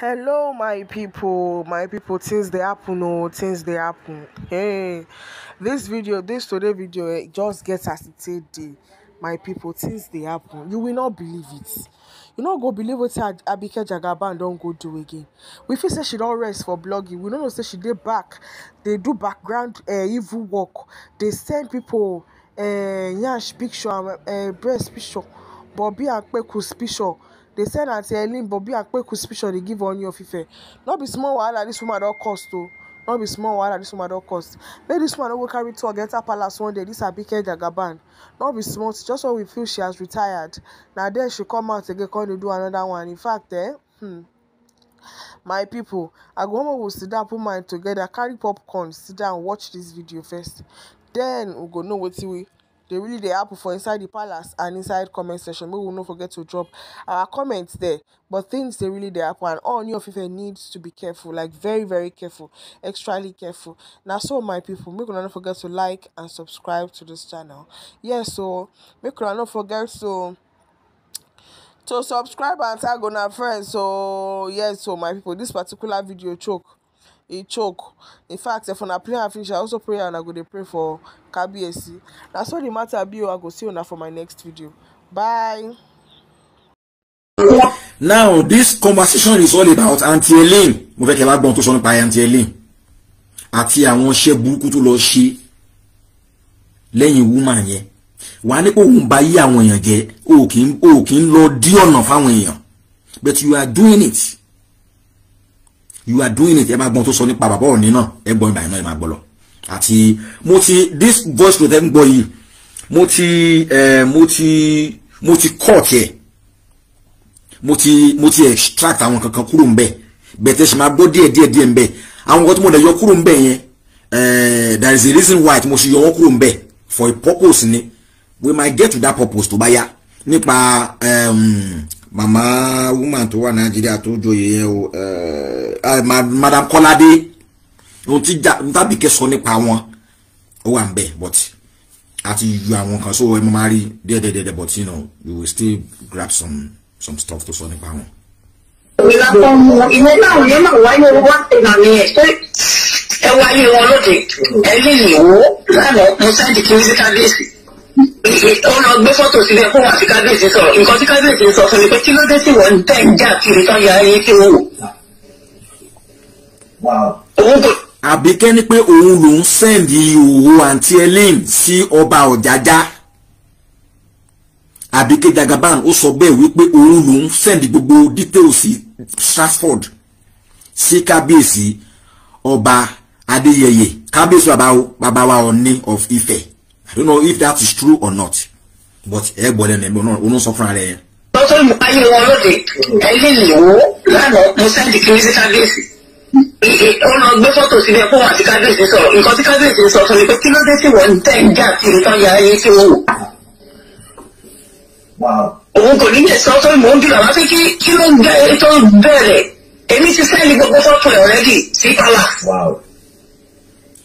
hello my people my people things dey happen oh things dey happen hey this video this today video eh, just get as e take dey my people things dey happen you will not believe it you no go believe wetin abike jagaban don go do again we feel say she don rest for blogging we no know say she dey back dey do background uh, evil work dey send people uh, eh, yansh picture and uh, eh, breast picture bobi and kpekus picture dey sell am till elimbobi akpeku picture dey give onion fife no be small wahala dis woman don cost o oh. no be small wahala dis woman don cost make dis woman no go carry talk enter palace one day dis abike jagaban no be small thing just when we feel she has retired na then she come out again come dey do another one in fact eh hmm, my people, i go homo we sit down put mind together carry popcorn sit down watch this video first then we go know wetin we they really they happen for inside the palace and inside comment section. we'll not forget to drop our comments there. But things they really they happen and all new of needs to be careful, like very, very careful, extremely careful. Now so my people, make una not forget to like and subscribe to this channel. Yeah, so make una not forget to to subscribe and tag on our friends so yes so my people this particular video choke e choke in fact if una play and finish i also pray and i go dey pray for kabiyesi na so the matter be o i go see una for my next video bye. now this conversation is all about aunty elaine mo fẹ́ kí ẹ bá gbọ́n tó sọ nípa aunty elaine àti àwọn iṣẹ́ burúkú tó lọ ṣe lẹ́yìn woman yẹn wà á ní kó òun bá yí àwọn èèyàn jẹ́ o kì í lọ dí ọ̀nà fáwọn èèyàn but you are doing it you are doing it ẹ máa gbọ́n tó sọ nípa bàbá òní náà ẹ gbọ́n ìbàyẹn náà ẹ máa gbọ́ lọ àti mo ti this voice to them ń gbọ́ yìí mo ti ẹ mo ti mo ti cut ẹ mo ti mo ti extract àwọn kankan kúrò ń bẹ bẹ̀tẹ̀ ṣe máa gbọ́ díẹ̀ díẹ̀ díẹ̀ ń bẹ àwọn kan mo dẹ̀ yọ kúrò ń bẹ yẹn there is a reason why mo ṣe yọ wọ́n kúrò ń for a purpose ni we might get to that purpose To buy ya. nípa. Um, Mama, woman tó wà nàìjíríà tó joyè yẹn o eh, eh, madam kọ́ládé ohun tí Tàbíkẹ́ sọ nípa wọn ó wà ń bẹ̀ but àti ju àwọn kan so ẹ mọ máa rí díẹ̀díẹ̀díẹ̀ but you know you will still grab some some stuff tó sọ nípa wọn. ìlà kan mu ìwé náà ò ní mà wáyé wá ìlànà ẹ̀ ṣé ẹ wáyé wọn lóde ẹ lè yìí wò lánàá mo sáà di kí n sí kábíyèsí ó lọ gbé fọ́tò síbẹ̀ fún àti kábíyèsí sọ̀rọ̀ nǹkan tí kábíyèsí sọ fún mi pé kí ló dé sí wọn tẹ́ ń jà kiri tán ya ayé tí ó wò. àbí kẹ́ni pé òun lòún sẹ́ndì ìhòòhò àǹtí ellen sí ọba ọ̀jájá àbíké jagaban ó sọ bẹ́ẹ̀ wípé òun lòún sẹ́ndì gbogbo details sí Stratford sí kábíyèsí ọba adéyẹyẹ kábíyèsí bàbá wa of Ifẹ̀ don't know if that is true or not but ẹ gbọ́ lẹ́nu ẹ̀mí ọ̀nà sọ fúnra rẹ̀ yẹn. are tó lu ayé wọn lóde ẹ̀yìn ìwò lánàá mo sẹ́ndì kiri sí kábíyèsí ó lọ gbé fọ́tò síbẹ̀ fún àti kábíyèsí sọ̀rọ̀ nǹkan tí kábíyèsí sọ fún mi pé kí ló dé tí wọ́n tẹ̀ ń jà sí nǹkan ya ayé tí wọ́n wò. òun kò ní lè sọ tó mò ń bí bàbá pé kí ló ń bẹ̀rẹ̀ èmi ti sẹ́ndì gbogbo fọ́tò ẹ̀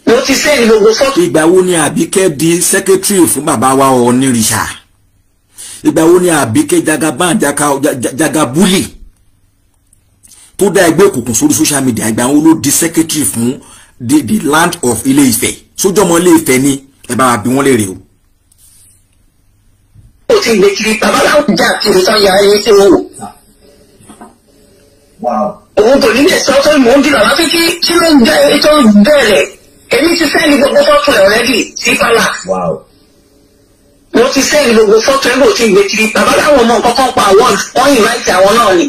mo ti sẹ́yìn gbogbo fọ́tò. ìgbà wo ni àbíkẹ́ di sẹ́kẹ́tírì fún bàbá wa onírìṣà ìgbà wo ni àbíkẹ́ jagaban jagabuli tó dá ẹgbẹ́ òkùnkùn sórí social media ìgbà wo ló di sẹ́kẹ́tírì fún the the land of ilé ifẹ̀ sójọ́mọ́ ilé ifẹ̀ ni ẹ bá wa bí wọ́n léèrè o. ó ti lè kiri bàbá láwùjọ àti ìrìnsọ̀yà ẹni tí wọ́n wò. òun kò ní lè sọ fún ìmọ̀ ń dìrọ̀ láti kí kí ló ń jẹ́ ètò bẹ̀rẹ̀ èmi ti sẹ́ni gbogbo fọ́tò ẹ̀ ọ̀rẹ́dì sí pálá. wọ́n ti sẹ́ni gbogbo fọ́tò ẹ̀ bò tí ìgbé kiri bàbá láwọn ọmọ nǹkan kan pa award wọ́n invite àwọn náà ni.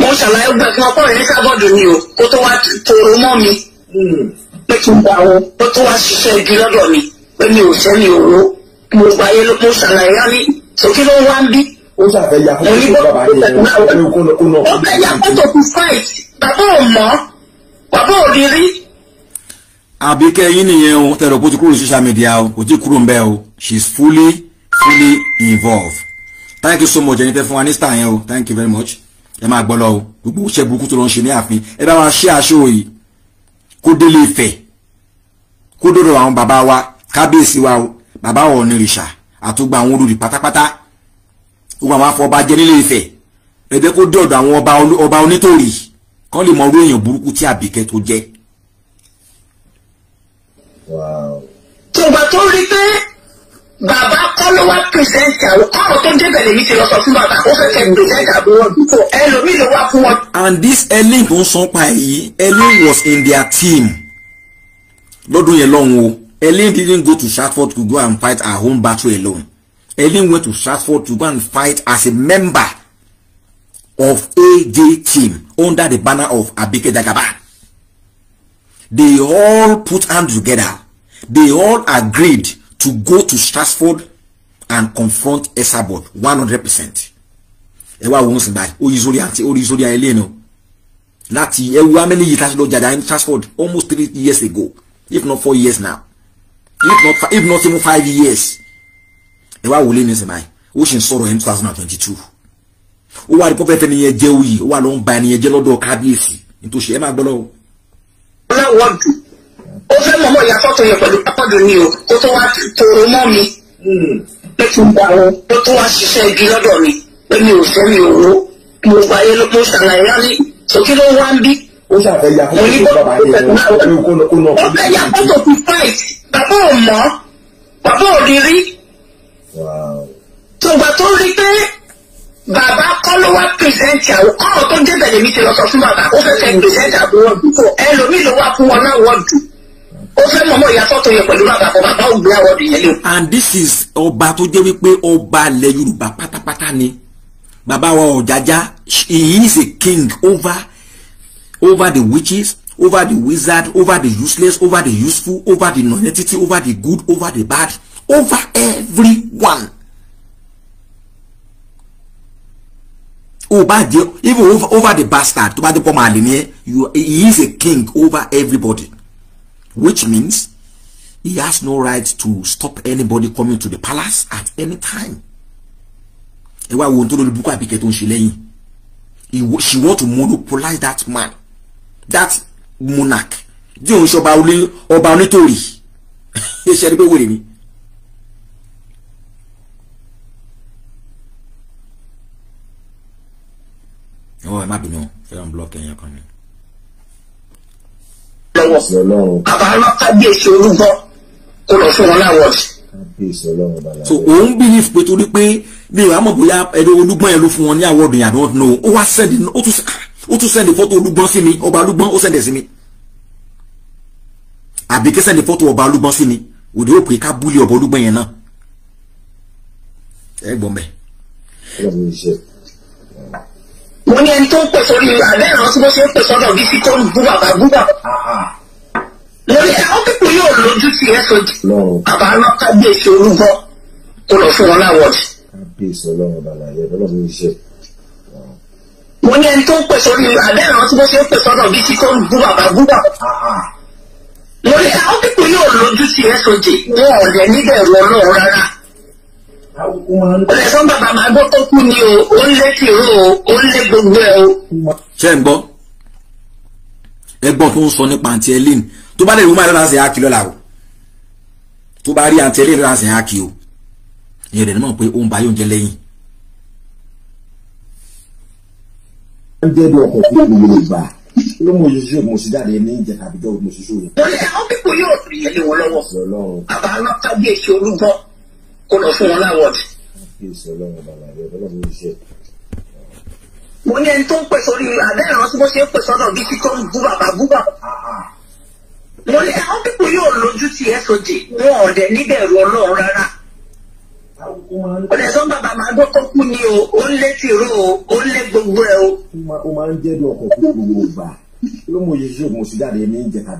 mo ṣàlàyé gbà fún ọkọ rẹ̀ ní sábọ̀dù ni o kó tó wá tòrò mọ́ mi hmm. pé kí n gbà wọn kó tó wá ṣiṣẹ́ ibi lọ́dọ̀ mi pé mi ò sẹ́ni òru mo gbà yẹ mo ṣàlàyé rá mi sókè ló wá ń bí ó ṣàfẹ́ ya fún kókó bàbá yẹn ó fẹ́ ya fọ́tò bàbá ò mọ́ bàbá ò lè rí. àbí kẹ́yìn nìyẹn o tẹ̀rọ kó ti kúrò ní social media o kò tí kúrò ń o she is fully fully involved thank you so much ẹni tẹ́ fún wa ní star yẹn o thank you very much ẹ máa gbọ́ lọ o gbogbo iṣẹ́ burúkú tó lọ ń ṣe ní ààfin ẹ bá wa ṣe aṣọ yìí kó délé Ifẹ̀ kó dòdò àwọn bàbá wa kábíyèsí wa o bàbá wa onírìṣà àtúgbà àwọn olùrì pátápátá gbogbo àwọn afọbajẹ nílé Ifẹ̀ ẹ jẹ́ kó dé ọ̀dọ̀ àwọn ọba onítòrí kán lè mọ orú èèyàn burúkú tí àbíkẹ́ tó jẹ́. tògbà tó rí pé bàbá kọ́ ló wá pírẹsẹ̀ntì àwọn ọ̀rọ̀ tó débẹ̀ lèmi ti lọ sọ fún bàbá ó fẹ́ kẹ́ pírẹsẹ̀ntì àbúrò dúpọ̀ ẹlòmíì ló wá fún wọn. and this Helen tó ń san pa èyí was in their team lọ́dún yẹn lọ́hùn o Ellen didn't go to Stratford to go and fight her own battle alone Ellen went to Stratford to go and fight as a member of AJ team under the banner of Abike Dagaba, They all put hands together. They all agreed to go to Strasbourg and confront Esabod 100%. Ẹ wá wọ́n sì báyìí, ó yí sórí àti ó rí sórí ayẹlẹ́ náà. Láti ẹwu amẹ́lẹ́ yìí tá a ṣe lọ in Strasbourg almost three years ago if not four years now if not if not even five years. Ewa wá wọlé ní sìn báyìí, ó sì in 2022 ó wá rí pọ́pẹ́tẹ́ nìyẹn jẹ́ òyì ó wà ló ń ba ẹnìyẹn jẹ́ lọ́dọ̀ kábíyèsí nítòsí ẹ máa gbọ́ lọ́wọ́. ọlọ́wọ́ jù ó fẹ́ mọ̀mọ́ ìyá fọ́tò yẹn pẹ̀lú pápádò ni o kó tó wá tòrò mọ́ mi pé kí n gbà wọn ó tó wá ṣiṣẹ́ igi lọ́dọ̀ mi pé mi ò fẹ́ mi ò ró mo gba ayé ló ṣàlàyé wá ní òkè ló wá ń bí. ó ṣàfẹ́ ya fọ́tò bàbá yẹn ó fẹ́ ya fọ́tò fi fight bàbá ò mọ̀ bàbá kọ́ wá pìrìsẹ́ǹtì àwọn ọmọ tó jẹ́ bẹ̀rẹ̀ mi ti lọ sọ fún bàbá ó fẹ́ fẹ́ pìrìsẹ́ǹtì àwọn wọ́ọ̀dù fún ẹlòmíì ló wá fún wọn náà wọ́ọ̀dù ó fẹ́ mọ̀mọ́ ìyàtọ̀ tó yẹ pẹ̀lú bàbá kan bàbá ògbé àwọ̀dù yẹn lé and this is ọba tó jẹ́ wípé ọba ilẹ̀ Yorùbá pátápátá ni bàbá wa Ọ̀jájá he is a king over over the witches over the wizard over the useless over the useful over the nonentity, over the good over the bad over everyone o bá jẹ even over, over the bastard tó bá jẹ pọ́nmọ́ àlè nìyẹn you he is a king over everybody which means he has no right to stop anybody coming to the palace at any time ẹ wá wo ohun tó lórí Bukky Abike tó ń ṣe lẹ́yìn she want to monopolize that man that monarch díẹ̀ òun ṣe ọba onítòrí ṣe ṣe ẹni pé wèrè ni ọ ẹ má bínú I'm blocking your coming. ni. àbára kábíyèsí orúkọ kó lọ fún wọn láwọ so òun believe pé torí pé mi ò àmọ̀ bóyá ẹni olúgbọ́n yẹn ló fún wọn ní àwọ̀ to yàrá ọ̀dùn náà ó wá sẹ́ndì ó tún sẹ́ndì fọ́tò olúgbọ́n sí mi ọba olúgbọ́n ó sẹ́ndì sí mi àbí kí sẹ́ndì fọ́tò ọba olúgbọ́n sí mi òde ó pè ká búlé ọba olúgbọ́n yẹn náà ẹ gbọ́n bẹ́ẹ̀ mo ní ẹni tó ń pè sórí àbẹ́ ìrántí bó ṣe ń pè sọ́dọ̀ bí fi tó ń bú bàbá bú bàbá. lórí àwọn pípọ̀ yóò lójú sí ẹ sọ bàbá náà kábíyèsí olúgbọ́ kó lọ fún wọn láwọ̀dì. kábíyèsí ọlọ́run ní ẹni tó ń pè sórí àbẹ́ ìrántí bó ṣe ń pè sọ́dọ̀ bí fi tó ń bú lórí àwọn pípọ̀ yóò lójú sí ẹ sọ ọlẹ́sán bàbá máa gbọ́ tó o ó ń o ó o. ṣé ń gbọ́ ẹgbọ́n tó ń sọ nípa àǹtí ẹlẹ́ni tó bá lè rí máa rẹ́ra ṣe hákì lọ́la o tó bá rí àǹtí ẹlẹ́ni rẹ́ra ṣe hákì o ìyẹn rẹ̀ mọ̀ pé ó ń ba yóò jẹ lẹ́yìn. ó jẹ́ bí ọkọ̀ mọ oṣooṣù jáde ní ìjẹta àbíjọ mo ṣoṣù rẹ. àwọn pípọ̀ yóò rí ilé wọn lọ́wọ́ àbá alákàgbé ṣe orúkọ kó lọ fún wọn láwọ̀dì fèsì ọlọ́run bàlàyé ọlọ́run ló ṣe. mo ní ẹni tó ń pè sórí àbẹ́ ìrántí bó ṣe ń pè sọ́nà bí kíkọ́ ń bàbá bú bàbá. Ah, ah. mo ní àwọn pípọ̀ yóò lójú ti ẹ̀ sọ́jì wọn ò dẹ̀ níbẹ̀rù ọlọ́run rárá. ọ̀dẹ̀ sọ́n bàbá máa gbọ́ kọ́kú ni o ó ń lé tìró o ó ń lé gbogbo ẹ o. ó máa ń jẹ́ dùn ọkọ̀ gbogbo gbà ló mú iye ṣíṣe òmùsí jáde ní ìjẹta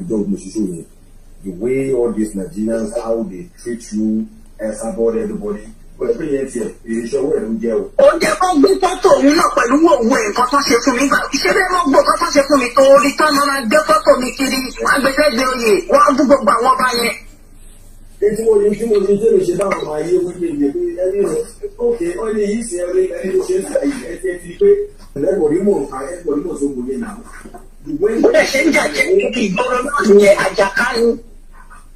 the way all these Nigerians how they treat you and support everybody pẹ̀lú yẹn tiẹ̀ ìṣòwò ẹ̀ ń o. ó jẹ́ kó gbé fọ́tò òun náà pẹ̀lú òun nǹkan tó ṣe fún mi gbà ṣé bẹ́ẹ̀ mọ́ gbọ́ nǹkan tó ṣe fún mi tó orí tán máa máa gbé fọ́tò mi kiri agbẹ́sẹ̀gbẹ́ oyè wọ́n bú gbogbo àwọn ọba yẹn. etí mo ní tí mo ní tí mo ṣe báwọn ọmọ ayé wípé mi pé ẹni rẹ ókè ó yìí ṣe ẹni ẹni ló ṣe ń sà yìí ẹtí ẹtí pé ẹlẹ́gbọ̀n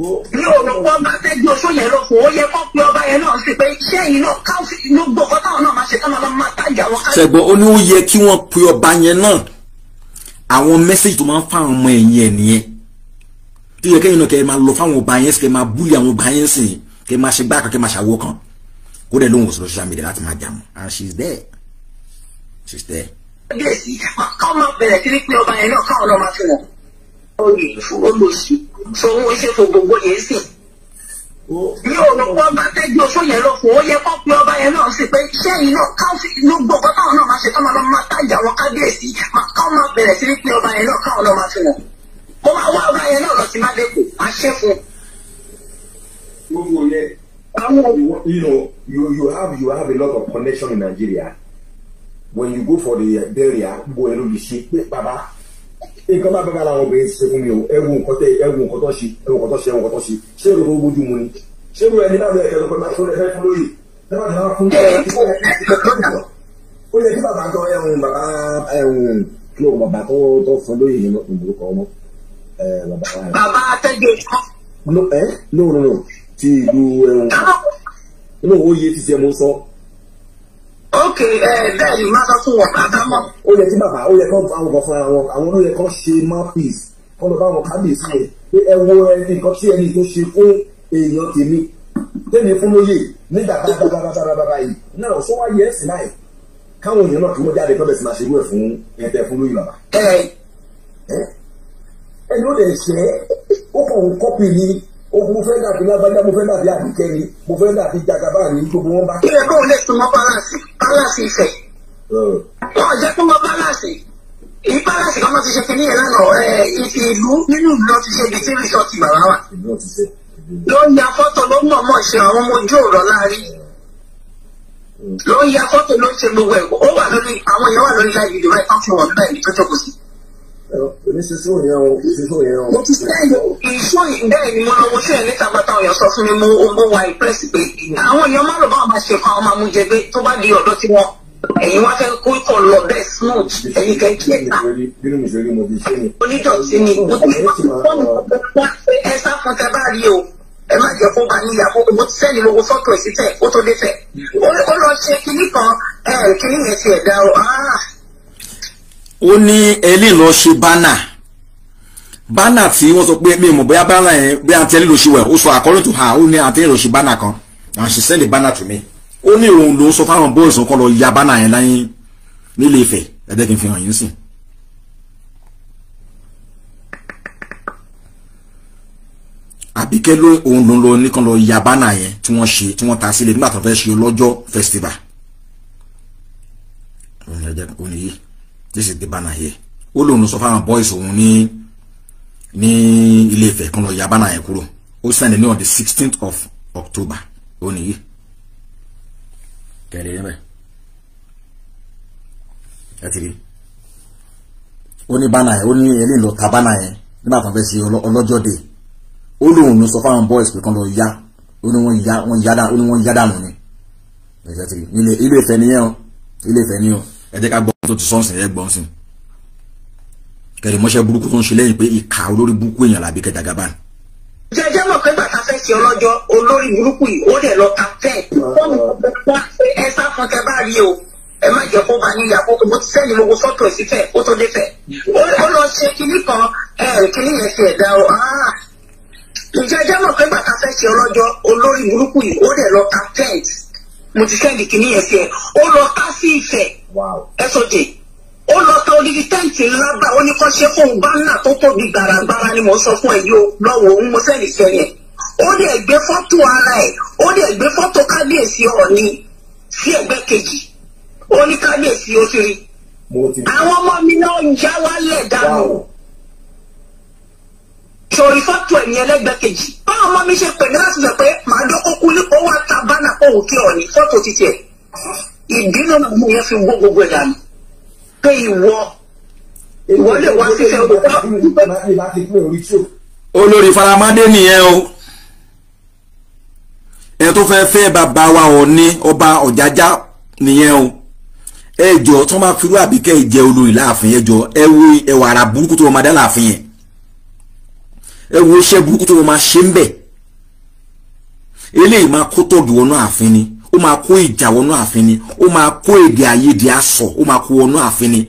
mi ò rò pé ọba fẹ́ gbé oṣó yẹn lọ kò ó yẹ kó pe ọba yẹn náà sí pé iṣẹ́ yìí náà káwọ́sì ló gbọ́ ọkọ táwọn náà máa ṣe táwọn náà máa tajà wọn. ṣẹ̀gbọ́n ó ní ó yẹ kí wọ́n pe ọba yẹn náà àwọn mẹ́sẹ̀gì tó máa ń fáwọn ọmọ ẹ̀yìn ẹ̀ nìyẹn tó yẹ kẹ́yìn náà kẹ́ ẹ máa lọ fáwọn ọba yẹn sí kẹ́ ẹ máa búlì àwọn ọba yẹn sí kẹ́ ẹ máa ṣe gbáàkan kẹ́ ẹ máa ṣàwó kan kó dẹ̀ lóhùn sọ̀rọ̀ social media and she's there she's there. ọdẹ sí káwọn máa bẹ̀rẹ̀ sí ní pé ọba yẹn náà káwọn náà máa fi fowó iṣẹ́ fo gbogbo yẹn sì mi ò rò pé fẹ́ gbé oṣù yẹn lọ fún ó yẹ kó pe ọba yẹn náà sí pé iṣẹ́ yìí náà ló gbọ́ pé káwọn náà máa ṣe káwọn náà máa tajà àwọn kábíyèsí káwọn máa bẹ̀rẹ̀ sí pé ọba yẹn náà káwọn náà máa fi wọn mo máa wá ọba yẹn náà lọ sí mádẹ́kù àṣẹ fún. gbogbo yẹn you know you you have you have a lot of connection in Nigeria when you go for the burial gbogbo ẹ̀rọ yìí ṣe pé bàbá nǹkan bá bàbá làwọn obìnrin ti ṣe fún mi o ẹ wo nǹkan tẹ ẹ wo nǹkan tó ṣe ẹ wo nǹkan tó ṣe ẹ wo nǹkan tó ṣe ṣé èrò tó gbójú mu ni ṣé èrò ẹni náà lọ ẹ̀kẹ́ lọ́pẹ́ máa tó lẹ́fẹ́ fún lóye lẹ́wọ̀n náà fún ó yẹ kí bàbá tó ẹ̀hún bàbá ẹ̀hún kí ló bàbá tó tó fún lóye yìí ló ń burúkọ ọmọ bàbá wa. bàbá tẹ́gẹ̀. ẹ lóòrùn ti ìlú ẹ̀hún lóòrùn ó yẹ ti ṣe mo sọ ok ẹ eh, bẹ́ẹ̀ ni má sọ fún wọn bàbá mọ́. ó yẹ kí bàbá ó yẹ kí àwọn ọkọ fúnra wọn àwọn ó yẹ kí wọn ṣe mouthpiece kọ́ lọ bá wọn kábíyèsí rẹ̀ pé ẹ wo nǹkan tí ẹni tó ṣe fún èèyàn tèmi tèmi fún lóye nígbà bábábábábá yìí náà ṣó wá yẹ ẹsìn láì káwọn èèyàn náà kí wọ́n jáde pẹ́bẹ́sì máa ṣe irú ẹ̀ fún ẹ̀ẹ́dẹ́ fún lóye bàbá. ẹ ló lè ṣe é ó kàn ń kọ́pì ní ogun mo fẹ́ dàbí lágbájá mo fẹ́ dàbí àbíkẹ́ ni mo fẹ́ dàbí jagaba ni gbogbo wọn bá. kí ẹ kó o lè sùn mọ́ balance bálàsì ìfẹ́ wọn jẹ́ kó wọn bálàsì èyí bálàsì kan náà ti ṣe kínní yẹn lánàá ẹ̀ ìlú nínú ìlú náà ti ṣe ibi tí rìsọ́ọ̀tì bàbá wà ló ń ya fọ́tò ló mọ̀ mọ̀ ṣe àwọn ọmọ ojú ọ̀rọ̀ láàrin hmm. ló ń ya fọ́tò ló ń ṣe gbogbo ẹ̀ ó wà lórí àwọn èèyàn wà lórí láì fídíò rẹ̀ kan fi bẹ́ẹ̀ ní tó jókòó sí mo ti sẹ́ yọ ìṣó bẹ́ẹ̀ ni mo wá fẹ́ kó kọ̀ lọ bẹ́ẹ̀ smooth ẹ̀yin kẹ́ kí ẹ̀ ta onídọ̀tí ni mo ti fọ́ fọ́ọ̀mù pé ẹ sá fún tẹ bá rí o ẹ má jẹ́ kó bá níyà mo ti sẹ́ni lówó fọ́tò ẹ̀ sí tẹ̀ ó tó dé tẹ̀ ó lọ ṣe kinní kan kinní yẹn ti ẹ̀ dá o ah ó ní ẹlẹ́yìn lọ ṣe bánà bánà tí wọ́n sọ pé mi ò mọ̀ bóyá bánà yẹn bí àti ẹlẹ́yìn lọ ṣe wẹ̀ ó sọ according to her ó ní àti ẹlẹ́yìn lọ ṣe bánà kan and she send the bánà to me ó ní òun ló sọ fáwọn boys kan lọ ya bánà yẹn láyé nílé Ifẹ̀ ẹ̀dẹ́ kí n fi hàn yín sìn. àbíkẹ́ ló òun ló ń lọ nìkan lọ ya bánà yẹn tí wọ́n ṣe tí wọ́n ta sílẹ̀ nígbà tó fẹ́ ṣe lọ́jọ́ festival. òun yẹ jẹ́ òun this is the banner here ó lóun sọ fáwọn boys òun ní ní ilé Ifẹ̀ kan lọ ya banner yẹn kúrò ó send ní on the sixteenth of October ó nìyí kẹrẹ yẹn bẹ ẹ ti rí ó ní banner yẹn ó ní eléyìí lọ ta banner yẹn nígbà tó fẹ́ ṣe ọlọ́jọ́ dé ó lóun sọ fáwọn boys pé kan lọ ya ó ní wọ́n ya wọ́n ya dànù ó ní wọ́n ya dànù ni ilé Ifẹ̀ nìyẹn o ilé Ifẹ̀ nìyẹn o ẹ jẹ́ ká gbọ́ tó ti sọ́ọ̀sì yẹn gbọ́n sí kẹrìmọ́ṣẹ́ burúkú tó ń ṣe lẹ́yìn pé ìka olórí burúkú èèyàn làbí kẹjàgàbá ni jẹjẹ mọ̀ pé bàtà fẹ́ ṣe ọlọ́jọ́ olórí burúkú yìí ó dẹ̀ lọ ta fẹ́ ẹ sá fún kẹ bá rí o ẹ má jẹ́ kó bá níyà kó tó bó ti sẹ́yìn mo wo sọ́tò ẹ̀ sí fẹ́ ó tó dé fẹ́ ó lọ ṣe kinní kan ẹ kinní yẹn ti ẹ̀dá o ìjẹjẹ ah! mọ̀ pé bàtà fẹ́ ṣe ọlọ́jọ́ olórí burúkú yìí ó dẹ̀ lọ ta fẹ́ẹ̀tì. mo ti sẹ́ndì kìíní yẹn sí ẹ ó lọ ká sí ìfẹ́ soj ó lọ ta ni mo sọ fún ẹ yóò lọ́wọ́ òun mo sẹ́ndì sí o ara ẹ̀ ó dẹ̀ gbé fọ́tò kábíyèsí si sí kejì ó ọmọ mi náà ń sọ̀rí fọ́tò ẹ̀ ní ẹlẹ́gbẹ́ kejì báwọn ọmọ mi ṣe pè mí láti sọ pé màá dọ́kọ́ kú ní owó ata bánà òun kí ọ̀ní fọ́tò títí ẹ̀ ìdínà mọ̀ yẹn fi wó gbogbo ẹ̀ dànù pé ìwọ ìwọ lè wá sí fẹ́ gbogbo. olórí faramade nìyẹn o ẹ tó fẹ́ fẹ́ bàbá wa Ọọ̀ni ọba Ọ̀jájá nìyẹn o ẹ jọ tó máa firú àbíkẹ́ ìjẹ́ olórí láàfin ẹ jọ ẹ wo ẹwà àrà burúkú tó máa dá láàfin yẹn ẹ wo iṣẹ́ burúkú tó máa ṣe ń bẹ̀ eléyìí máa kó tọ́gì wọnú ààfin ni ó máa kó ìjà wọnú ààfin ni ó máa kó èdè àìyedè asọ̀ ó máa kó wọnú ààfin ni.